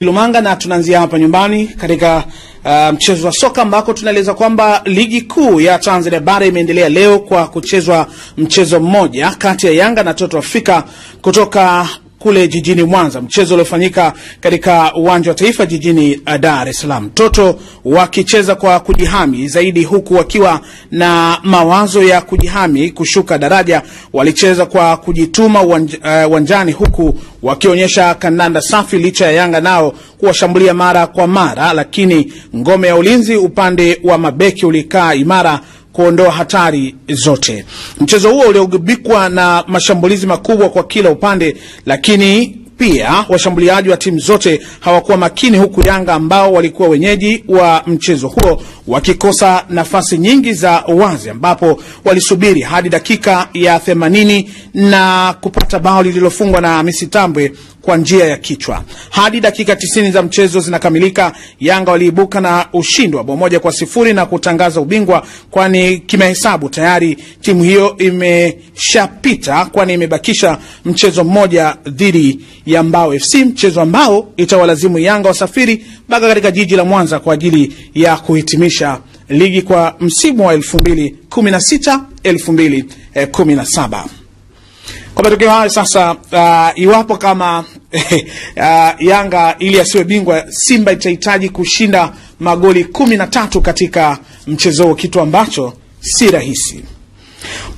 Lumanga na tunaanzia hapa nyumbani katika uh, mchezo wa soka ambako tunaeleza kwamba ligi kuu ya Tanzania bara imeendelea leo kwa kuchezwa mchezo mmoja kati ya Yanga na Toto Afrika kutoka kule jijini Mwanza, mchezo uliofanyika katika uwanja wa taifa jijini uh, Dar es Salaam, mtoto wakicheza kwa kujihami zaidi, huku wakiwa na mawazo ya kujihami kushuka daraja. Walicheza kwa kujituma uh, uwanjani, uh, huku wakionyesha kandanda safi, licha ya Yanga nao kuwashambulia mara kwa mara, lakini ngome ya ulinzi upande wa mabeki ulikaa imara kuondoa hatari zote. Mchezo huo uliogubikwa na mashambulizi makubwa kwa kila upande, lakini pia washambuliaji wa timu zote hawakuwa makini, huku Yanga ambao walikuwa wenyeji wa mchezo huo wakikosa nafasi nyingi za wazi, ambapo walisubiri hadi dakika ya themanini na kupata bao lililofungwa na Hamisi Tambwe kwa njia ya kichwa. Hadi dakika tisini za mchezo zinakamilika, Yanga waliibuka na ushindi wa bao moja kwa sifuri na kutangaza ubingwa, kwani kimahesabu tayari timu hiyo imeshapita, kwani imebakisha mchezo mmoja dhidi ya Mbao FC, mchezo ambao itawalazimu Yanga wasafiri mpaka katika jiji la Mwanza kwa ajili ya kuhitimisha ligi kwa msimu wa 2016 2017. Eh, kwa matokeo hayo sasa, uh, iwapo kama uh, Yanga ili asiwe bingwa, Simba itahitaji kushinda magoli kumi na tatu katika mchezo huo, kitu ambacho si rahisi.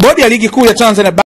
Bodi ya Ligi Kuu ya Tanzania